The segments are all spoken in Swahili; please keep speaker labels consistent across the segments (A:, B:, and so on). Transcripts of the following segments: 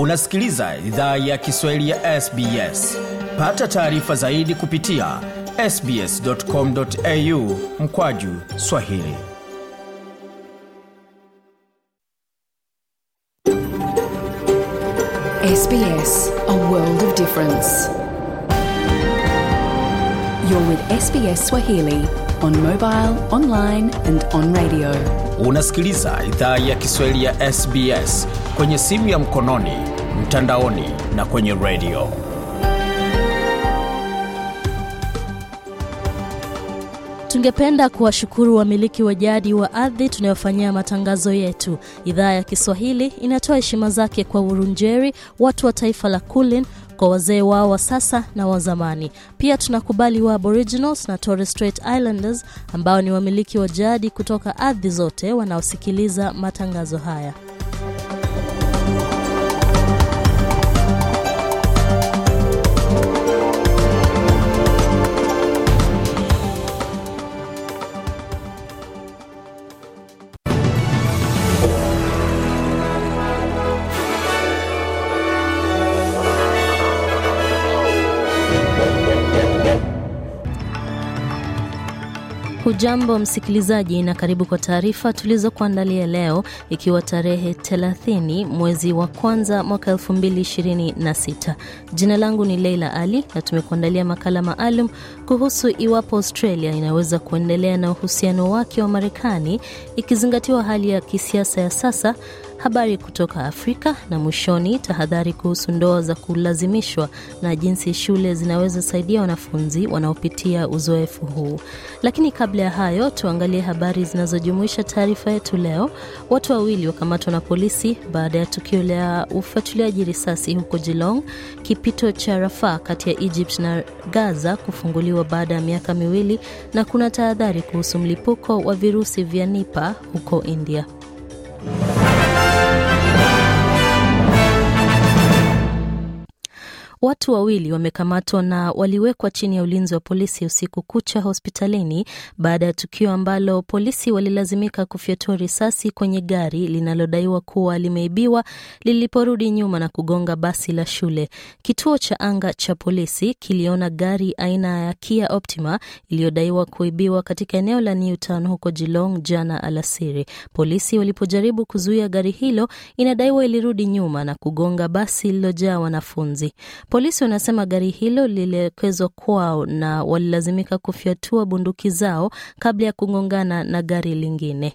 A: unasikiliza idhaa ya kiswahili ya sbs pata taarifa zaidi kupitia sbscomau mkwaju swahili SBS, a world of difference. You're with SBS Swahili on mobile, online and on radio. Unasikiliza idhaa ya Kiswahili ya SBS kwenye simu ya mkononi mtandaoni na kwenye redio. Tungependa kuwashukuru wamiliki wa jadi wa ardhi tunayofanyia matangazo yetu. Idhaa ya Kiswahili inatoa heshima zake kwa Urunjeri, watu wa taifa la Kulin, kwa wazee wao wa sasa na wa zamani. Pia tunakubali wa Aboriginals na Torres Strait Islanders ambao ni wamiliki wa jadi kutoka ardhi zote wanaosikiliza matangazo haya. Hujambo msikilizaji, na karibu kwa taarifa tulizokuandalia leo, ikiwa tarehe 30 mwezi wa kwanza mwaka 2026. Jina langu ni Leila Ali na tumekuandalia makala maalum kuhusu iwapo Australia inaweza kuendelea na uhusiano wake wa Marekani ikizingatiwa hali ya kisiasa ya sasa habari kutoka Afrika na mwishoni, tahadhari kuhusu ndoa za kulazimishwa na jinsi shule zinaweza saidia wanafunzi wanaopitia uzoefu huu. Lakini kabla ya hayo, tuangalie habari zinazojumuisha taarifa yetu leo. Watu wawili wakamatwa na polisi baada ya tukio la ufuatiliaji risasi huko Jilong. Kipito cha Rafaa kati ya Egypt na Gaza kufunguliwa baada ya miaka miwili, na kuna tahadhari kuhusu mlipuko wa virusi vya Nipah huko India. Watu wawili wamekamatwa na waliwekwa chini ya ulinzi wa polisi usiku kucha hospitalini baada ya tukio ambalo polisi walilazimika kufyatua risasi kwenye gari linalodaiwa kuwa limeibiwa liliporudi nyuma na kugonga basi la shule. Kituo cha anga cha polisi kiliona gari aina ya Kia Optima iliyodaiwa kuibiwa katika eneo la Newtown huko Geelong jana alasiri. Polisi walipojaribu kuzuia gari hilo, inadaiwa ilirudi nyuma na kugonga basi lililojaa wanafunzi. Polisi wanasema gari hilo lilielekezwa kwao na walilazimika kufyatua bunduki zao kabla ya kugongana na gari lingine.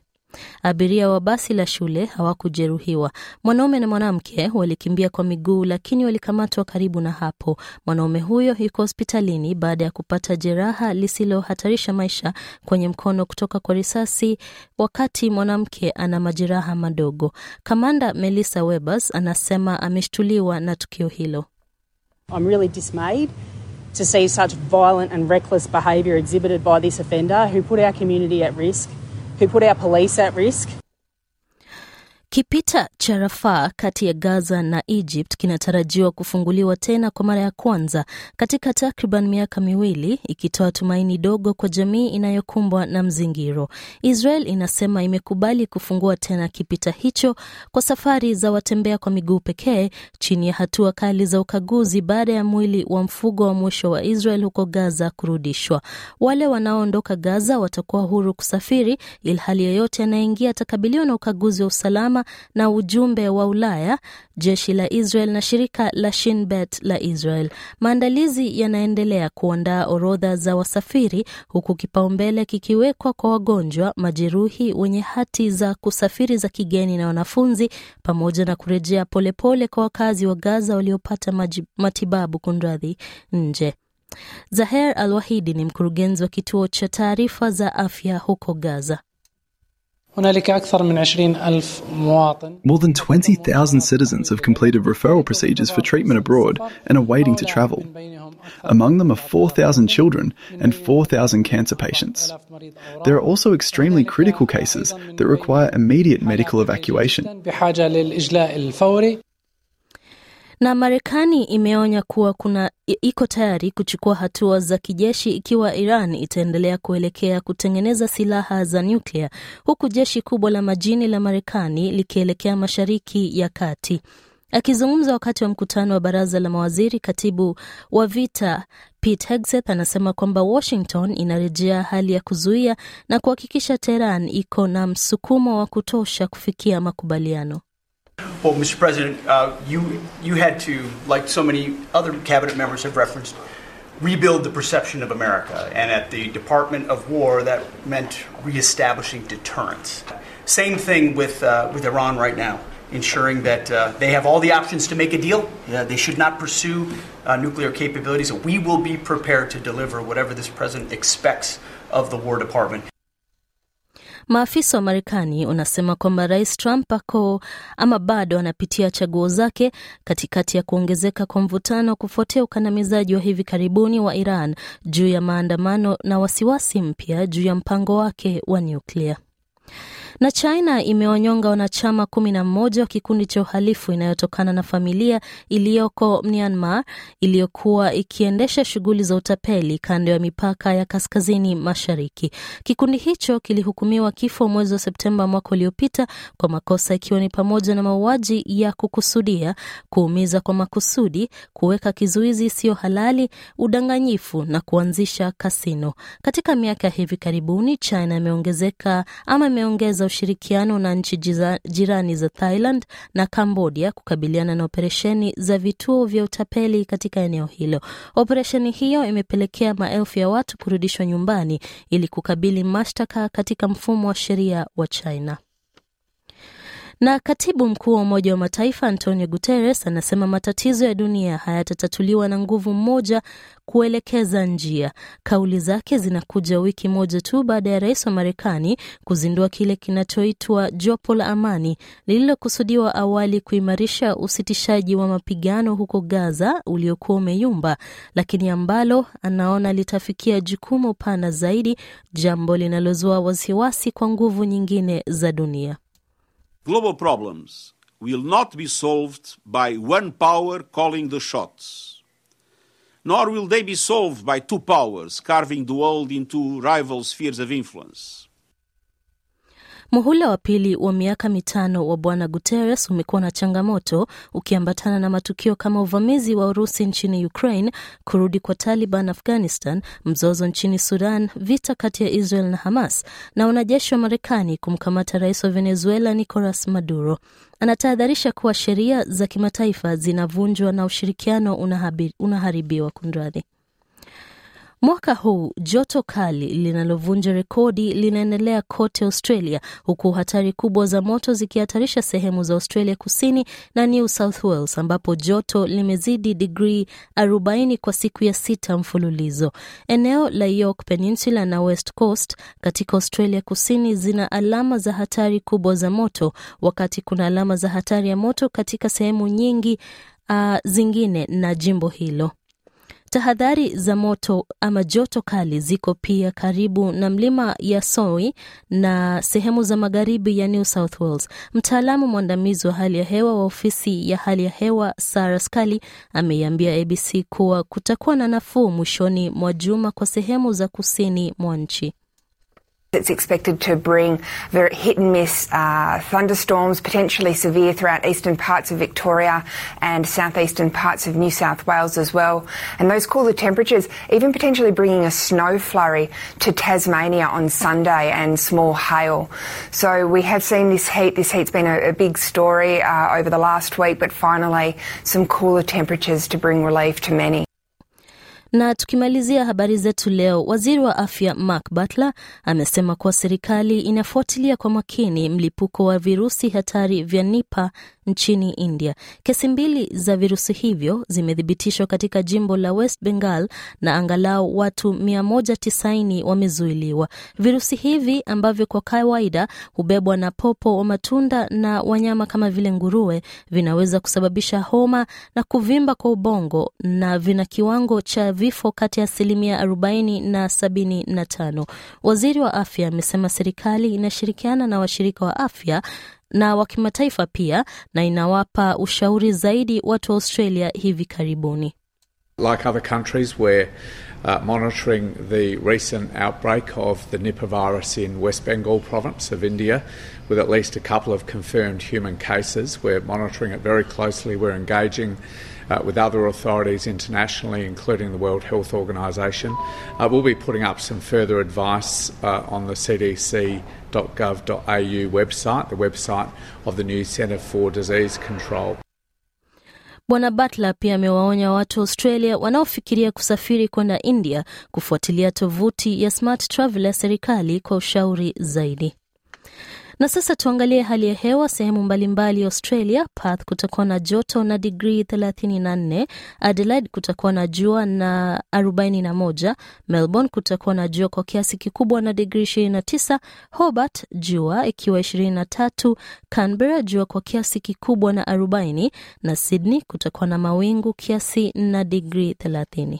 A: Abiria wa basi la shule hawakujeruhiwa. Mwanaume na mwanamke walikimbia kwa miguu, lakini walikamatwa karibu na hapo. Mwanaume huyo yuko hospitalini baada ya kupata jeraha lisilohatarisha maisha kwenye mkono kutoka kwa risasi, wakati mwanamke ana majeraha madogo. Kamanda Melissa Webers anasema ameshtuliwa na tukio hilo. I'm really dismayed to see such violent and reckless behaviour exhibited by this offender who put our community at risk, who put our police at risk. Kipita cha Rafah kati ya Gaza na Egypt kinatarajiwa kufunguliwa tena kwa mara ya kwanza katika takriban miaka miwili, ikitoa tumaini dogo kwa jamii inayokumbwa na mzingiro. Israel inasema imekubali kufungua tena kipita hicho kwa safari za watembea kwa miguu pekee, chini ya hatua kali za ukaguzi, baada ya mwili wa mfugo wa mwisho wa Israel huko Gaza kurudishwa. Wale wanaoondoka Gaza watakuwa huru kusafiri, ilhali yeyote anayeingia atakabiliwa na ukaguzi wa usalama na ujumbe wa Ulaya, jeshi la Israel na shirika la Shin Bet la Israel. Maandalizi yanaendelea kuandaa orodha za wasafiri, huku kipaumbele kikiwekwa kwa wagonjwa, majeruhi, wenye hati za kusafiri za kigeni na wanafunzi, pamoja na kurejea polepole kwa wakazi wa Gaza waliopata matibabu kunradhi nje. Zaher Al-Wahidi ni mkurugenzi wa kituo cha taarifa za afya huko Gaza. More than 20,000 citizens have completed referral procedures for treatment abroad and are waiting to travel. Among them are 4,000 children and 4,000 cancer patients. There are also extremely critical cases that require immediate medical evacuation. Na Marekani imeonya kuwa kuna iko tayari kuchukua hatua za kijeshi ikiwa Iran itaendelea kuelekea kutengeneza silaha za nyuklia, huku jeshi kubwa la majini la Marekani likielekea Mashariki ya Kati. Akizungumza wakati wa mkutano wa baraza la mawaziri, katibu wa vita Pete Hegseth anasema kwamba Washington inarejea hali ya kuzuia na kuhakikisha Tehran iko na msukumo wa kutosha kufikia makubaliano. Well, Mr. President, uh, you you had to, like so many other cabinet members have referenced, rebuild the perception of America, and at the Department of War, that meant reestablishing deterrence. Same thing with uh, with Iran right now, ensuring that uh, they have all the options to make a deal. they should not pursue uh, nuclear capabilities. We will be prepared to deliver whatever this president expects of the War Department. Maafisa wa Marekani unasema kwamba Rais Trump ako ama bado anapitia chaguo zake katikati ya kuongezeka kwa mvutano kufuatia ukandamizaji wa hivi karibuni wa Iran juu ya maandamano na wasiwasi mpya juu ya mpango wake wa nyuklia. Na China imewanyonga wanachama kumi na mmoja wa kikundi cha uhalifu inayotokana na familia iliyoko Myanmar iliyokuwa ikiendesha shughuli za utapeli kando ya mipaka ya kaskazini mashariki. Kikundi hicho kilihukumiwa kifo mwezi wa Septemba mwaka uliopita kwa makosa ikiwa ni pamoja na mauaji ya kukusudia, kuumiza kwa makusudi, kuweka kizuizi isiyo halali, udanganyifu na kuanzisha kasino. Katika miaka ya hivi karibuni China imeongezeka ama imeongeza za ushirikiano na nchi jirani za Thailand na Cambodia kukabiliana na operesheni za vituo vya utapeli katika eneo hilo. Operesheni hiyo imepelekea maelfu ya watu kurudishwa nyumbani ili kukabili mashtaka katika mfumo wa sheria wa China. Na katibu mkuu wa Umoja wa Mataifa Antonio Guterres anasema matatizo ya dunia hayatatatuliwa na nguvu moja kuelekeza njia. Kauli zake zinakuja wiki moja tu baada ya rais wa Marekani kuzindua kile kinachoitwa jopo la amani lililokusudiwa awali kuimarisha usitishaji wa mapigano huko Gaza uliokuwa umeyumba, lakini ambalo anaona litafikia jukumu pana zaidi, jambo linalozua wasiwasi kwa nguvu nyingine za dunia. Global problems will not be solved by one power calling the shots, nor will they be solved by two powers carving the world into rival spheres of influence. Muhula wa pili wa miaka mitano wa Bwana Guterres umekuwa na changamoto ukiambatana na matukio kama uvamizi wa Urusi nchini Ukraine, kurudi kwa Taliban Afghanistan, mzozo nchini Sudan, vita kati ya Israel na Hamas na wanajeshi wa Marekani kumkamata rais wa Venezuela Nicolas Maduro. Anatahadharisha kuwa sheria za kimataifa zinavunjwa na ushirikiano unaharibiwa. Kundradhi. Mwaka huu joto kali linalovunja rekodi linaendelea kote Australia, huku hatari kubwa za moto zikihatarisha sehemu za Australia Kusini na New South Wales, ambapo joto limezidi digrii 40 kwa siku ya sita mfululizo. Eneo la York Peninsula na West Coast katika Australia Kusini zina alama za hatari kubwa za moto, wakati kuna alama za hatari ya moto katika sehemu nyingi uh, zingine na jimbo hilo. Tahadhari za moto ama joto kali ziko pia karibu na mlima ya Soi na sehemu za magharibi ya New South Wales. Mtaalamu mwandamizi wa hali ya hewa wa ofisi ya hali ya hewa Sarah Scully ameiambia ABC kuwa kutakuwa na nafuu mwishoni mwa juma kwa sehemu za kusini mwa nchi. It's expected to bring very hit and miss uh, thunderstorms, potentially severe throughout eastern parts of Victoria and southeastern parts of New South Wales as well. And those cooler temperatures, even potentially bringing a snow flurry to Tasmania on Sunday and small hail. So we have seen this heat. This heat's been a, a big story uh, over the last week, but finally some cooler temperatures to bring relief to many. Na tukimalizia habari zetu leo, waziri wa afya Mark Butler amesema kuwa serikali inafuatilia kwa makini mlipuko wa virusi hatari vya nipa nchini India. Kesi mbili za virusi hivyo zimethibitishwa katika jimbo la West Bengal na angalau watu 190 wamezuiliwa. Virusi hivi ambavyo kwa kawaida hubebwa na popo wa matunda na wanyama kama vile nguruwe, vinaweza kusababisha homa na kuvimba kwa ubongo na vina kiwango cha vifo kati ya asilimia 40 na 75. Waziri wa afya amesema serikali inashirikiana na washirika wa afya na wa kimataifa pia na inawapa ushauri zaidi watu wa Australia hivi karibuni. Like other countries where uh, monitoring the recent outbreak of the Nipah virus in West Bengal province of India, with at least a couple of confirmed human cases. We're monitoring it very closely. We're engaging uh, with other authorities internationally, including the World Health Organization. Uh, we'll be putting up some further advice uh, on the cdc.gov.au website, the website of the new Centre for Disease Control. Bwana Butler pia amewaonya watu wa Australia wanaofikiria kusafiri kwenda India kufuatilia tovuti ya Smart Travel ya serikali kwa ushauri zaidi. Na sasa tuangalie hali ya hewa sehemu mbalimbali Australia. path kutakuwa na joto na digrii 34. Adelaide kutakuwa na jua na 41. Melbourne kutakuwa na jua kwa kiasi kikubwa na digrii 29. Hobart jua ikiwa 23. canbera jua kwa kiasi kikubwa na 40, na Sydney kutakuwa na mawingu kiasi na digrii 30.